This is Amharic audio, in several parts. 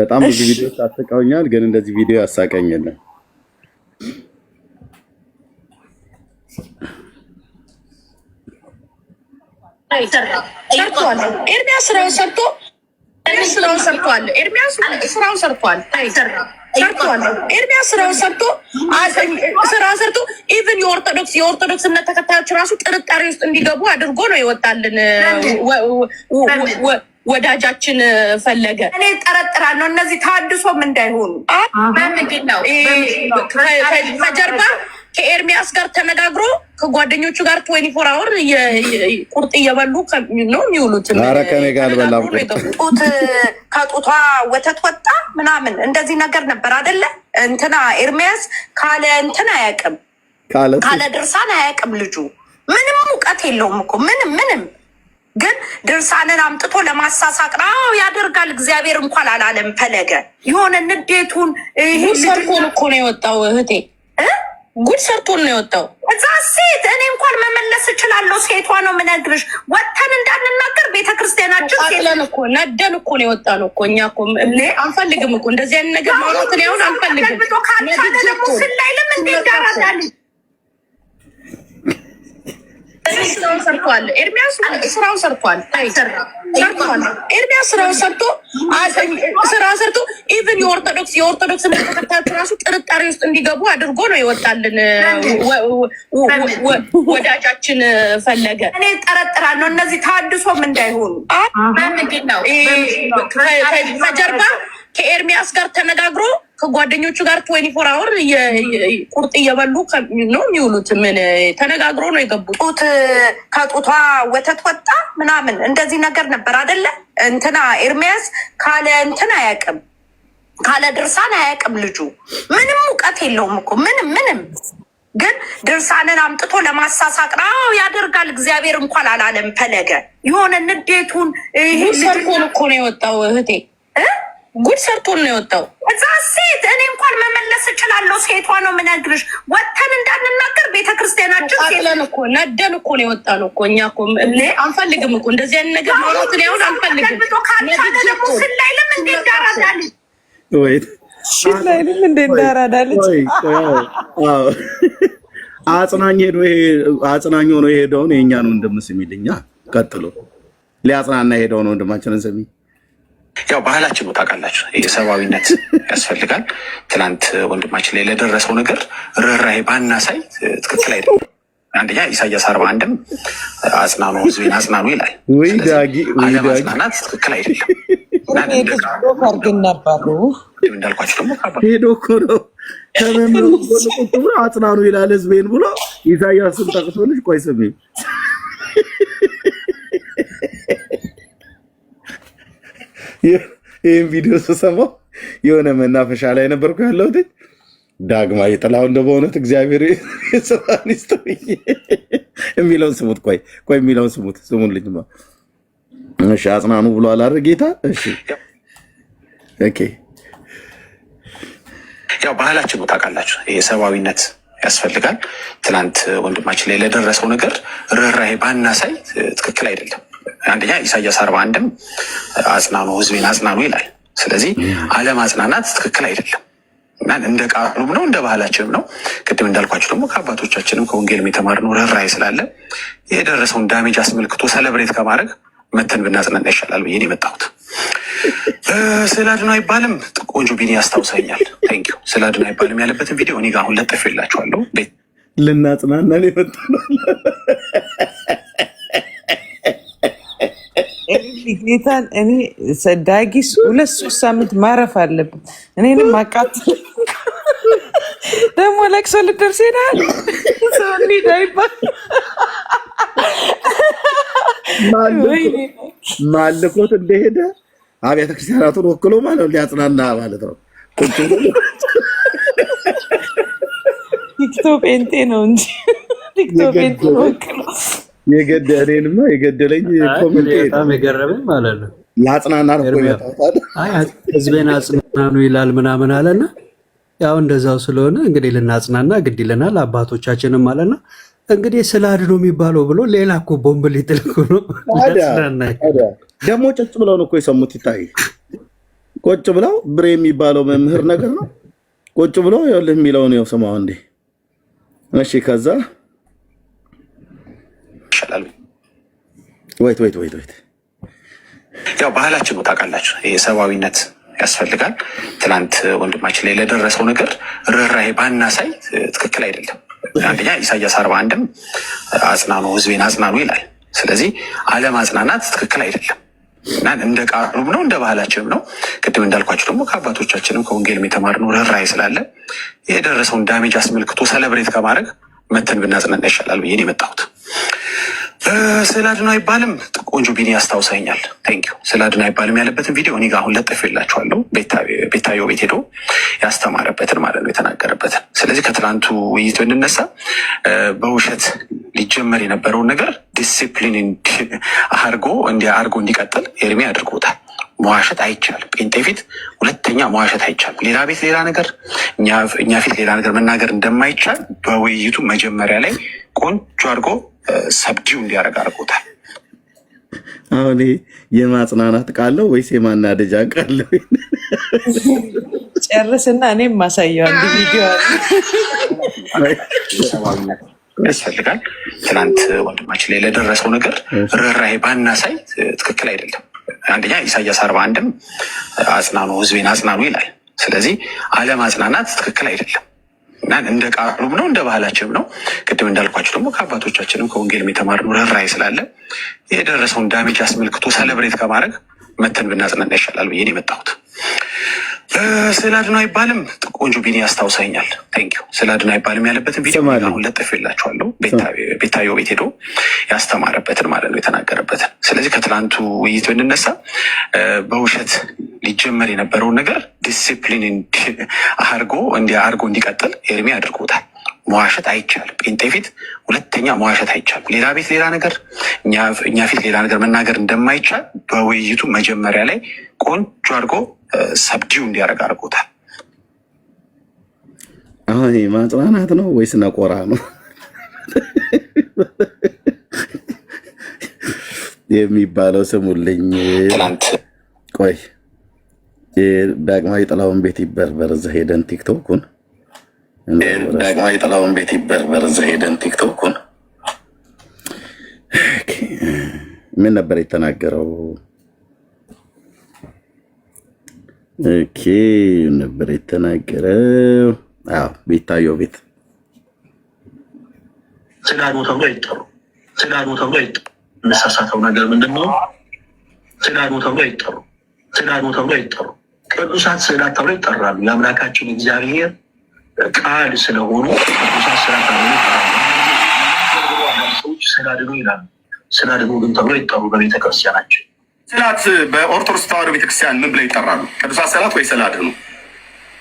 በጣም ብዙ ቪዲዮዎች አስቀውኛል፣ ግን እንደዚህ ቪዲዮ ያሳቀኝልን። ኤርሚያስ ስራውን ሰርቶ ስራውን ሰርቷል። ኤርሚያስ ስራውን ሰርቷል ሰርቷል። ኤርሚያስ ስራውን ሰርቶ ስራውን ሰርቶ ኢቭን የኦርቶዶክስ የኦርቶዶክስ እምነት ተከታዮች ራሱ ጥርጣሬ ውስጥ እንዲገቡ አድርጎ ነው ይወጣልን ወዳጃችን ፈለገ እኔ ጠረጥራለሁ እነዚህ ታድሶም እንዳይሆኑ ምንድን ነው ከጀርባ ከኤርሚያስ ጋር ተነጋግሮ ከጓደኞቹ ጋር ትወኒ ፎር አወር ቁርጥ እየበሉ ነው የሚውሉት። ኧረ ከእኔ ጋር አልበላም። ጡት ከጡቷ ወተት ወጣ ምናምን እንደዚህ ነገር ነበር አይደለ? እንትና ኤርሚያስ ካለ እንትን አያውቅም፣ ካለ ድርሳን አያውቅም። ልጁ ምንም እውቀት የለውም እኮ ምንም ምንም ግን ድርሳንን አምጥቶ ለማሳሳቅ ነው ያደርጋል። እግዚአብሔር እንኳን አላለም። ፈለገ የሆነ ንዴቱን ጉድ ሰርቶን እኮ ነው የወጣው። እህቴ ጉድ ሰርቶን ነው የወጣው። እዛ ሴት እኔ እንኳን መመለስ እችላለሁ። ሴቷ ነው የምነግርሽ። ወጥተን እንዳንናገር ቤተክርስቲያናችን ለን እኮ ነደን እኮ ነው የወጣ ነው እኮ እኛ እኮ አንፈልግም እኮ እንደዚህ አይነት ነገር ማውራት። እኔ አሁን አንፈልግም። ካልቻለ ደግሞ ለምን እንዴ ዳራዳልኝ ስራውን ሰርቷል። ኤርሚያስ ስራውን ሰርቷል። ስራውን ሰርቶ ኢቨን የኦርቶዶክስ የኦርቶዶክስ ተከታዮች ራሱ ጥርጣሬ ውስጥ እንዲገቡ አድርጎ ነው ይወጣልን። ወዳጃችን ፈለገ እኔ ጠረጥራለሁ እነዚህ ታድሶም እንዳይሆኑ ከጀርባ ከኤርሚያስ ጋር ተነጋግሮ ከጓደኞቹ ጋር ትዌንቲ ፎር አወር ቁርጥ እየበሉ ነው የሚውሉት። ምን ተነጋግሮ ነው የገቡት? ጡት ከጡቷ ወተት ወጣ ምናምን እንደዚህ ነገር ነበር አይደለ? እንትና ኤርሚያስ ካለ እንትን አያውቅም፣ ካለ ድርሳን አያውቅም። ልጁ ምንም እውቀት የለውም እኮ ምንም ምንም። ግን ድርሳንን አምጥቶ ለማሳሳቅ ነው ያደርጋል። እግዚአብሔር እንኳን አላለም። ፈለገ የሆነ ንዴቱን ይሄ ሰርቶን እኮ ነው የወጣው። እህቴ ጉድ ሰርቶን ነው የወጣው እዛ ሴት እኔ እንኳን መመለስ እችላለሁ። ሴቷ ነው ምነግርሽ። ወተን እንዳንናገር ቤተክርስቲያናችን ሴለን እኮ ነደን እኮ ነው የወጣ ነው እኮ እኛ እኮ አንፈልግም እኮ እንደዚህ አይነት ነገር ማውራት ማውራትን ያሁን አንፈልግም። ካልቻለ ደግሞ ስላይልም እንዴ ላይ ስላይልም እንዴ እንዳራዳልች አጽናኝ ሄዶ ይሄ አጽናኝ ሆኖ የሄደውን የእኛን ወንድም ስሚልኛ ቀጥሎ ሊያጽናና ነው ወንድማችንን ስሚ ያው ባህላችን ነው ታውቃላችሁ፣ የሰብአዊነት ያስፈልጋል። ትናንት ወንድማችን ላይ ለደረሰው ነገር ርኅራኄ ባናሳይ ትክክል አይደለም። አንደኛ ኢሳያስ አርባ አንድም አጽናኑ ህዝቤን አጽናኑ ይላል። አለማጽናናት ትክክል አይደለም። እንዳልኳቸው ደግሞ ሄዶ እኮ ነው ከመምህሩ ቁጭ ብሎ አጽናኑ ይላል ህዝቤን ብሎ ኢሳያስን ጠቅሶ ቆይ ስሜ ይህም ቪዲዮ ስሰማው የሆነ መናፈሻ ላይ ነበርኩ ያለሁት ዳግማ የጥላው እንደ በእውነት እግዚአብሔር የስራን ይስጥር የሚለውን ስሙት። ቆይ ቆይ የሚለውን ስሙት፣ ስሙልኝ። እሺ አጽናኑ ብሎ አይደል ጌታ? እሺ ኦኬ። ያው ባህላችን ታውቃላችሁ፣ ይሄ ሰብአዊነት ያስፈልጋል። ትናንት ወንድማችን ላይ ለደረሰው ነገር ርኅራሄ ባናሳይ ትክክል አይደለም። አንደኛ ኢሳያስ አርባ አንድም አጽናኑ ህዝቤን አጽናኑ ይላል። ስለዚህ አለማጽናናት ትክክል አይደለም እና እንደ ቃሉም ነው እንደ ባህላችንም ነው። ቅድም እንዳልኳቸው ደግሞ ከአባቶቻችንም ከወንጌልም የተማርነው ርኅራኄ ስላለ የደረሰውን ዳሜጅ አስመልክቶ ሰለብሬት ከማድረግ መተን ብናጽናና ይሻላል ብዬ የመጣሁት። ስለ አድኖ አይባልም ቆንጆ ቢኒ ያስታውሰኛል። ንኪ ስለ አድኖ አይባልም ያለበትን ቪዲዮ እኔ ጋ አሁን ለጥፌላችኋለሁ። ልናጽናና ነው ጌታን እኔ ሰዳጊስ ሁለት ሶስት ሳምንት ማረፍ አለብን። እኔን ማቃት ደግሞ ለቅሶ ልደርስ ሄዳል ሰው እንሂድ ማልኮት እንደሄደ አብያተ ክርስቲያናቱን ወክሎ ማለት ሊያጽናና ማለት ነው። ቲክቶክ ጴንጤ ነው እንጂ ቲክቶክ ጴንጤ ወክሎ የገደ እኔንማ የገደለኝ በጣም የገረመኝ ማለት ነው። ለአጽናና ነው ህዝቤን አጽናኑ ይላል ምናምን አለና ያው እንደዛው ስለሆነ እንግዲህ ልናጽናና ግድ ይለናል አባቶቻችንም አለና እንግዲህ ስለ አድኖ የሚባለው ብሎ ሌላ እኮ ቦምብ ሊጥልኩ ነው። ደግሞ ጭጭ ብለው ነው እኮ የሰሙት። ይታይ ቆጭ ብለው ብሬ የሚባለው መምህር ነገር ነው። ቆጭ ብለው የሚለውን ያው ስማው እንዴ እሺ ከዛ ይሻላል። ወይት ወይት ወይት ወይት ያው ባህላችን ነው ታውቃላችሁ። ይሄ ሰብአዊነት ያስፈልጋል። ትናንት ወንድማችን ላይ ለደረሰው ነገር ርኅራኄ ባናሳይ ትክክል አይደለም። አንደኛ ኢሳያስ አርባ አንድም አጽናኑ ሕዝቤን አጽናኑ ይላል። ስለዚህ አጽናናት ትክክል አይደለም እና እንደ ቃሉም ነው እንደ ባህላችንም ነው። ቅድም እንዳልኳቸው ደግሞ ከአባቶቻችንም ከወንጌልም የተማርነው ርኅራኄ ስላለ የደረሰውን ዳሜጅ አስመልክቶ ሰለብሬት ከማድረግ መተን ብናጽናና ይሻላል ብዬ ነው የመጣሁት። ስለ አድኖ አይባልም ቆንጆ ቢኒ ያስታውሰኛል። ቴንኪው ስለ አድኖ አይባልም ያለበትን ቪዲዮ እኔ ጋር አሁን ለጥፌላችኋለሁ። ቤታዮ ቤት ሄዶ ያስተማረበትን ማለት ነው የተናገረበትን። ስለዚህ ከትላንቱ ውይይት ብንነሳ በውሸት ሊጀመር የነበረውን ነገር ዲሲፕሊን አርጎ እንዲ አርጎ እንዲቀጥል ኤርሚ አድርጎታል። መዋሸት አይቻልም። ጴንጤ ፊት ሁለተኛ መዋሸት አይቻልም። ሌላ ቤት ሌላ ነገር፣ እኛ ፊት ሌላ ነገር መናገር እንደማይቻል በውይይቱ መጀመሪያ ላይ ቆንጆ አድርጎ ሰብጂው እንዲያደርግ አድርጎታል። አሁን የማጽናናት ቃለው ወይስ የማናደጃ ቃለው? ጨርስና እኔም ማሳየዋል ቪዲዮ ያስፈልጋል። ትናንት ወንድማችን ላይ ለደረሰው ነገር ርኅራኄ ባናሳይ ትክክል አይደለም። አንደኛ ኢሳያስ አርባ አንድም አጽናኑ ህዝቤን አጽናኑ ይላል። ስለዚህ አለማጽናናት ትክክል አይደለም እና እንደ ቃሉም ነው እንደ ባህላችንም ነው። ቅድም እንዳልኳቸው ደግሞ ከአባቶቻችንም ከወንጌልም የተማርነው ርኅራኄ ስላለ የደረሰውን ዳሜጅ አስመልክቶ ሰለብሬት ከማድረግ መተን ብናጽናና ይሻላል ብዬ ነው የመጣሁት። ስለ አድኖ አይባልም ቆንጆ ቢኒ ያስታውሰኛል። ቴንኪው ስለ አድኖ አይባልም ያለበትን ቪዲዮ ለጥፌላችኋለሁ። ቤታዮ ቤት ሄዶ ያስተማረበትን ማለት ነው የተናገረበትን። ስለዚህ ከትላንቱ ውይይት ብንነሳ በውሸት ሊጀመር የነበረውን ነገር ዲስፕሊን አርጎ እንዲ አርጎ እንዲቀጥል ኤርሚ አድርጎታል። መዋሸት አይቻልም። ጴንጤ ፊት ሁለተኛ መዋሸት አይቻልም። ሌላ ቤት ሌላ ነገር፣ እኛ ፊት ሌላ ነገር መናገር እንደማይቻል በውይይቱ መጀመሪያ ላይ ቆንጆ አድርጎ ሰብዲው እንዲያደርግ አድርጎታል። አሁን ማጽናናት ነው ወይስ ነቆራ ነው የሚባለው? ስሙልኝ፣ ትናንት ቆይ ዳግማዊ ጥላውን ቤት ይበርበር እዛ ሄደን ቲክቶኩን ዳግማዊ ጥላሁን ቤት ይበርበር እዛ ሄደን ቲክቶኩን ምን ነበር የተናገረው? ኦኬ ነበር የተናገረው። አዎ ቤታየው ቤት ስላሉ ተብሎ አይጠሩ ስላሉ ተብሎ አይጠሩ። ነገር ምንድን ነው? ስላሉ ተብሎ አይጠሩ ስላሉ ተብሎ አይጠሩ። ቅዱሳት ስዕላት ተብሎ ይጠራሉ። የአምላካችን እግዚአብሔር ቃል ስለሆኑ ሰዎች ስላድኑ ይላሉ። ስላድኑ ግን ተብሎ ይጠሩ በቤተክርስቲያናቸው ስላት በኦርቶዶክስ ተዋህዶ ቤተክርስቲያን ምን ብለው ይጠራሉ? ቅዱሳት ስላት ወይ ስላድኑ?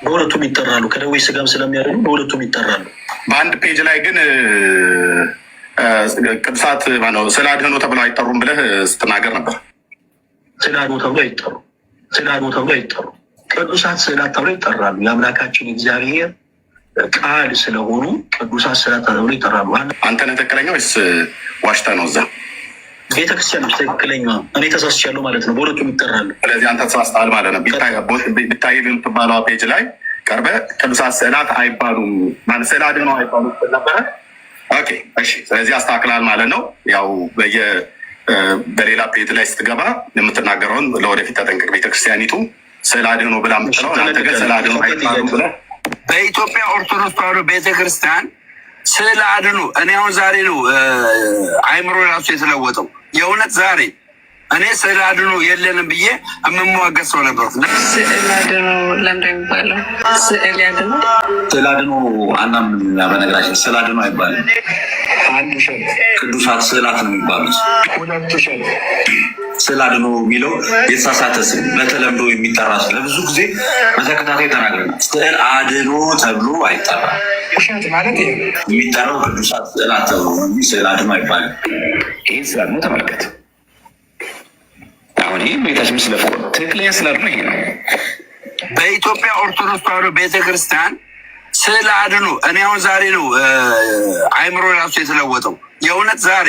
በሁለቱም ይጠራሉ። ከደዌ ስጋም ስለሚያድኑ በሁለቱም ይጠራሉ። በአንድ ፔጅ ላይ ግን ቅዱሳት ነው ስላድኑ ተብሎ አይጠሩም ብለህ ስትናገር ነበር። ስላድኑ ተብሎ አይጠሩ፣ ስላድኑ ተብሎ አይጠሩ፣ ቅዱሳት ስላት ተብሎ ይጠራሉ። የአምላካችን እግዚአብሔር ቃል ስለሆኑ ቅዱሳት ስራ ተብሎ ይጠራሉ። አንተ ነህ ትክክለኛ ወይስ ዋሽታ ነው? እዛ ቤተክርስቲያን ትክክለኛ እኔ ተሳስቻለሁ ማለት ነው። በሁለቱም ይጠራሉ። ስለዚህ አንተ ተሳስተሃል ማለት ነው። ቢታይ የምትባለው ፔጅ ላይ ቀርበ ቅዱሳት ስዕላት አይባሉም ማለት ስዕል አድኖ አይባሉ ነበረ። ኦኬ እሺ። ስለዚህ አስተካክላል ማለት ነው። ያው በየ በሌላ ፔጅ ላይ ስትገባ የምትናገረውን ለወደፊት ተጠንቀቅ። ቤተክርስቲያኒቱ ስዕል አድኖ ብላ ምትለው አንተ ግን ስዕል አድኖ አይባሉም ብለህ በኢትዮጵያ ኦርቶዶክስ ተዋህዶ ቤተክርስቲያን ስዕል አድኑ። እኔ አሁን ዛሬ ነው አይምሮ ራሱ የተለወጠው የእውነት ዛሬ እኔ ስዕል አድኖ የለንም ብዬ የምሟገት ሰው ነበርኩ። ስዕል አድኖ ለምንድን የሚባለው ስዕል አድኖ ስዕል አድኖ አናምንም። በነገራችን ስዕል አድኖ አይባልም። ሸል ቅዱሳት ስዕላት ነው የሚባሉት። ሁለቱ ሸል ስዕል አድኖ የሚለው የተሳሳተ ስም በተለምዶ የሚጠራ ለብዙ ጊዜ በተከታታይ ተናግረናል። ስዕል አድኖ ተብሎ አይጠራም። ውሸት ማለት የሚጠራው ቅዱሳት ስዕላት ተብሎ ስዕል አድኖ አይባልም። ይህን አድኖ ተመልከት አሁን ይህ ቤታችን ስለ ፍቅር ትክክለኛ ስላድኖ ይሄ ነው። በኢትዮጵያ ኦርቶዶክስ ተዋሕዶ ቤተክርስቲያን ስለ አድኑ እኔ አሁን ዛሬ ነው አይምሮ ራሱ የተለወጠው። የእውነት ዛሬ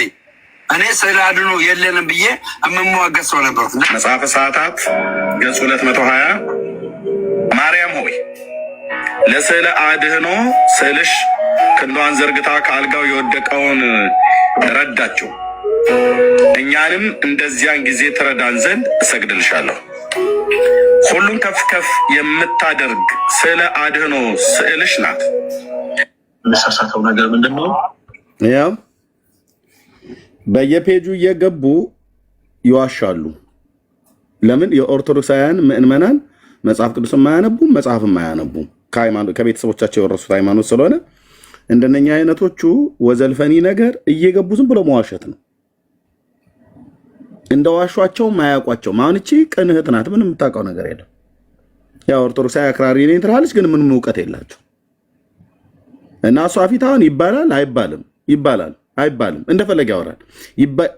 እኔ ስለ አድኑ የለንም ብዬ የምሟገት ሰው ነበር። መጽሐፈ ሰዓታት ገጽ ሁለት መቶ ሀያ ማርያም ሆይ ለስዕለ አድህኖ ስዕልሽ ክንዷን ዘርግታ ከአልጋው የወደቀውን ረዳችው። እኛንም እንደዚያን ጊዜ ትረዳን ዘንድ እሰግድልሻለሁ። ሁሉን ከፍ ከፍ የምታደርግ ስለ አድህኖ ስዕልሽ ናት። የምሳሳተው ነገር ምንድን ነው? በየፔጁ እየገቡ ይዋሻሉ። ለምን የኦርቶዶክሳውያን ምእመናን መጽሐፍ ቅዱስ አያነቡም መጽሐፍም አያነቡም ከቤተሰቦቻቸው የወረሱት ሃይማኖት ስለሆነ እንደነኛ አይነቶቹ ወዘልፈኒ ነገር እየገቡ ዝም ብሎ መዋሸት ነው። እንደ ዋሿቸውም አያውቋቸውም። አሁን እቺ ቅን እህት ናት፣ ምንም የምታውቀው ነገር የለም። ያው ኦርቶዶክሳዊ አክራሪ ነኝ ትላለች፣ ግን ምንም እውቀት የላቸው እና እሷ ፊት አሁን ይባላል አይባልም ይባላል አይባልም እንደፈለገ ያወራል።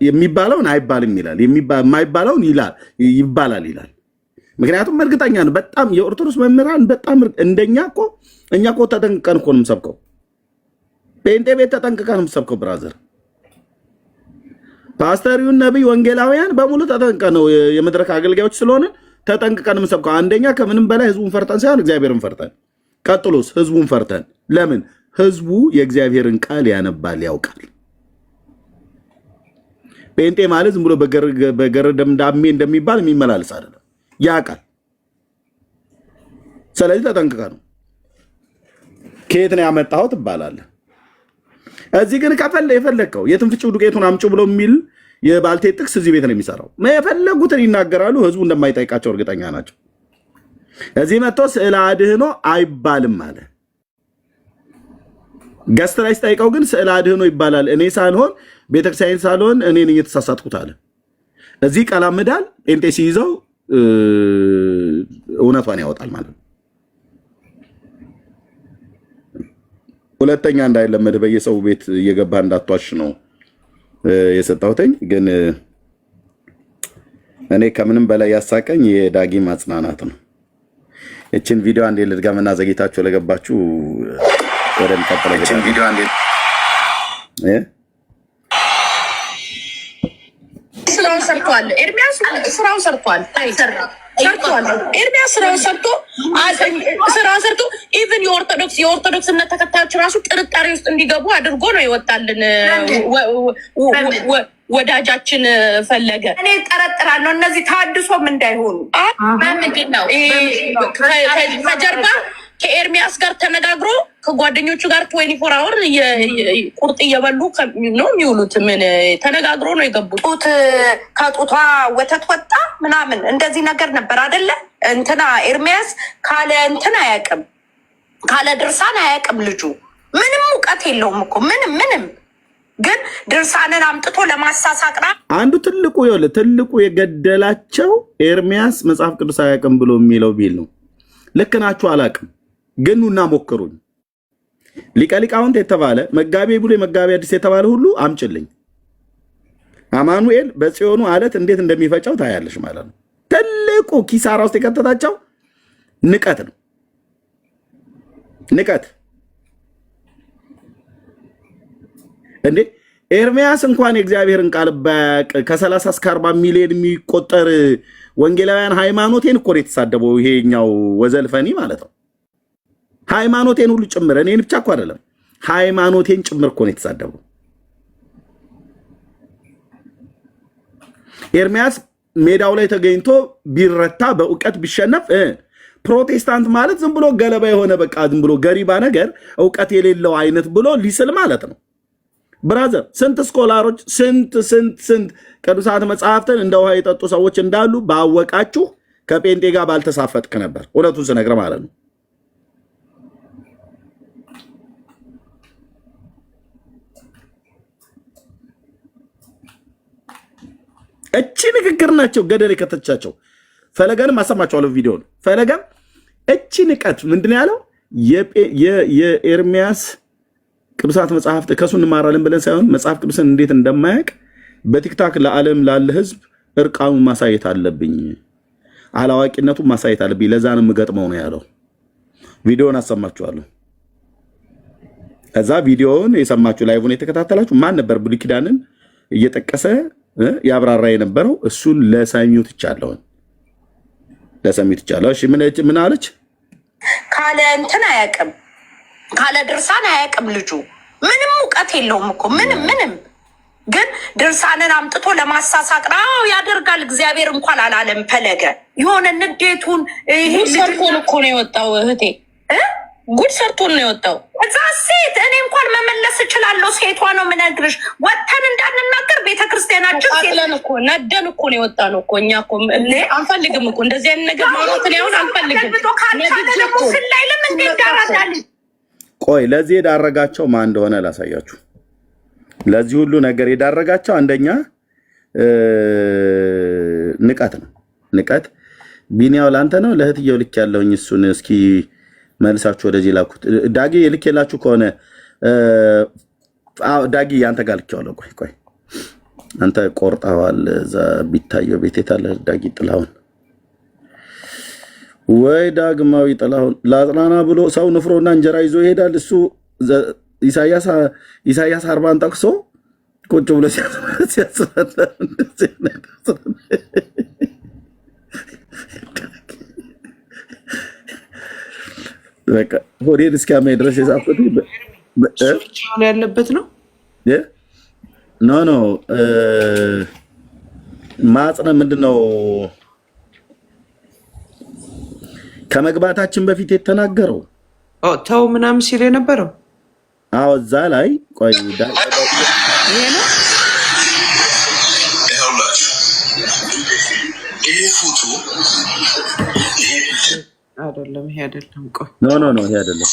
የሚባለውን አይባልም ይላል፣ የማይባለውን ይላል ይባላል ይላል። ምክንያቱም እርግጠኛ ነው በጣም የኦርቶዶክስ መምህራን በጣም እንደኛ እኮ እኛ እኮ ተጠንቅቀን እኮ ነው የምሰብከው። ጴንጤ ቤት ተጠንቅቀን የምሰብከው ብራዘር ፓስተሪውን፣ ነቢይ፣ ወንጌላውያን በሙሉ ተጠንቀ ነው የመድረክ አገልጋዮች ስለሆነ ተጠንቅቀን የምንሰብከው አንደኛ ከምንም በላይ ህዝቡን ፈርተን ሳይሆን እግዚአብሔርን ፈርተን፣ ቀጥሎስ ህዝቡን ፈርተን። ለምን ህዝቡ የእግዚአብሔርን ቃል ያነባል፣ ያውቃል። ጴንጤ ማለት ዝም ብሎ በገር ደምዳሜ እንደሚባል የሚመላለስ አይደለም፣ ያውቃል። ስለዚህ ተጠንቅቀ ነው። ከየት ነው ያመጣሁት ትባላለህ። እዚህ ግን ከፈለ የፈለግከው የትንፍጭው ዱቄቱን አምጭ ብሎ የሚል የባልቴ ጥቅስ እዚህ ቤት ነው የሚሰራው። የፈለጉትን ይናገራሉ። ህዝቡ እንደማይጠይቃቸው እርግጠኛ ናቸው። እዚህ መጥቶ ስዕለ አድህኖ አይባልም አለ። ገስት ላይ ስጠይቀው ግን ስዕለ አድህኖ ይባላል። እኔ ሳልሆን ቤተክርስቲያን ሳልሆን እኔን እየተሳሳትኩት አለ። እዚህ ቀላምዳል። ጴንጤ ሲይዘው እውነቷን ያወጣል ማለት ነው። ሁለተኛ እንዳይለመድ በየሰው ቤት እየገባ እንዳትዋሽ ነው የሰጣሁትኝ። ግን እኔ ከምንም በላይ ያሳቀኝ የዳጊ ማጽናናት ነው። እችን ቪዲዮ አንዴ ልድጋምና ዘግይታችሁ ለገባችሁ ወደሚቀጥለው ስራውን ሰርቷል። ኤርሚያስ ስራውን ሰርቷል። ሰርቷል። ኤርሚያስ ስራ ሰርቶ ስራ ሰርቶ ኢቨን የኦርቶዶክስ የኦርቶዶክስነት ተከታዮች ራሱ ጥርጣሬ ውስጥ እንዲገቡ አድርጎ ነው ይወጣልን ወዳጃችን ፈለገ። እኔ ጠረጥራለሁ እነዚህ ታድሶም እንዳይሆኑ ምንድን ነው ከጀርባ ከኤርሚያስ ጋር ተነጋግሮ ከጓደኞቹ ጋር ትዌንቲ ፎር አወር ቁርጥ እየበሉ ነው የሚውሉት። ምን ተነጋግሮ ነው የገቡት? ጡት ከጡቷ ወተት ወጣ ምናምን እንደዚህ ነገር ነበር አይደለ? እንትና ኤርሚያስ ካለ እንትን አያውቅም፣ ካለ ድርሳን አያውቅም። ልጁ ምንም እውቀት የለውም እኮ ምንም ምንም። ግን ድርሳንን አምጥቶ ለማሳሳቅራ አንዱ ትልቁ ይኸውልህ፣ ትልቁ የገደላቸው ኤርሚያስ መጽሐፍ ቅዱስ አያውቅም ብሎ የሚለው ቢል ነው። ልክ ናችሁ፣ አላውቅም ገኑና ሞክሩኝ። ሊቀ የተባለ መጋቤ ብሎ መጋቤ አዲስ የተባለ ሁሉ አምጭልኝ። አማኑኤል በጽዮኑ አለት እንዴት እንደሚፈጨው ታያለሽ ማለት ነው። ትልቁ ኪሳራ ውስጥ የከተታቸው ንቀት ነው። ንቀት እንዴ ኤርሚያስ እንኳን የእግዚአብሔርን ቃል ባያቅ ከ30 እስከ 40 ሚሊዮን የሚቆጠር ወንጌላውያን ሃይማኖቴን እኮ ነው የተሳደበው። ይሄኛው ወዘልፈኒ ማለት ነው። ሃይማኖቴን ሁሉ ጭምር እኔን ብቻ እኮ አይደለም ሃይማኖቴን ጭምር እኮ ነው የተሳደቡ። ኤርሚያስ ሜዳው ላይ ተገኝቶ ቢረታ በእውቀት ቢሸነፍ ፕሮቴስታንት ማለት ዝም ብሎ ገለባ የሆነ በቃ ዝም ብሎ ገሪባ ነገር እውቀት የሌለው አይነት ብሎ ሊስል ማለት ነው። ብራዘር ስንት ስኮላሮች ስንት ስንት ስንት ቅዱሳት መጽሐፍትን እንደ ውሃ የጠጡ ሰዎች እንዳሉ ባወቃችሁ ከጴንጤ ጋር ባልተሳፈጥክ ነበር። እውነቱን ስነግር ማለት ነው። እቺ ንግግር ናቸው ገደል የከተቻቸው። ፈለገንም አለው ቪዲዮ ነው። ፈለገም እቺ ንቀት ምንድን ያለው የኤርሚያስ ቅዱሳት መጽሐፍት ከሱ እንማራለን ብለን ሳይሆን መጽሐፍ ቅዱስን እንዴት እንደማያውቅ በቲክታክ ለዓለም ላለ ህዝብ እርቃኑን ማሳየት አለብኝ፣ አላዋቂነቱን ማሳየት አለብኝ። ለዛ ነው የምገጥመው ነው ያለው። ቪዲዮን አሰማችኋለሁ። እዛ ቪዲዮውን የሰማችሁ ላይቭን የተከታተላችሁ ማን ነበር ብሉይ ኪዳንን እየጠቀሰ ያብራራ የነበረው እሱን ለሰሚው ትቻለሁን ለሰሚው ትቻለሁ። እሺ ምን አለች? ካለ እንትን አያውቅም፣ ካለ ድርሳን አያውቅም። ልጁ ምንም እውቀት የለውም እኮ ምንም ምንም። ግን ድርሳንን አምጥቶ ለማሳሳቅ ነው ያደርጋል። እግዚአብሔር እንኳን አላለም። ፈለገ የሆነ ንዴቱን ይሄ ሰርኮን እኮ ነው የወጣው እህቴ ጉድ ሰርቶን ነው የወጣው። እዛ ሴት እኔ እንኳን መመለስ እችላለሁ። ሴቷ ነው የምነግርሽ። ወተን እንዳንናገር ቤተክርስቲያናችን ለን እኮ ነደን እኮ ነው የወጣ ነው እኮ እኛ እኮ አንፈልግም እኮ እንደዚህ አይነት ነገር ማውራትን ያሁን አንፈልግም። ካልቻለ ደግሞ ስላይልም እንዴ ዳራዳል። ቆይ ለዚህ የዳረጋቸው ማን እንደሆነ ላሳያችሁ። ለዚህ ሁሉ ነገር የዳረጋቸው አንደኛ ንቀት ነው። ንቀት ቢኒያው ላንተ ነው ለእህትየው ልክ ያለውኝ እሱን እስኪ መልሳችሁ ወደዚህ ላኩት። ዳጊ ልኬላችሁ ከሆነ ዳጊ አንተ ጋር ልኬዋለሁ። ቆይ ቆይ አንተ ቆርጠዋል። እዛ ቢታየው ቤት የት አለ ዳጊ? ጥላሁን ወይ ዳግማዊ ጥላሁን ለአጽናና ብሎ ሰው ንፍሮና እንጀራ ይዞ ይሄዳል። እሱ ኢሳያስ አርባን ጠቅሶ ቁጭ ብሎ ሲያስበላ በቃ ሆዴን እስኪያመኝ ድረስ የጻፍኩት ብቻውን ያለበት ነው። ኖ ኖ ማጽነ ምንድን ነው ከመግባታችን በፊት የተናገረው ተው ምናምን ሲል የነበረው አዎ፣ እዛ ላይ ቆይ ይሄ ነው አይደለም፣ ይሄ አይደለም። ቆይ ኖ ኖ ኖ፣ ይሄ አይደለም።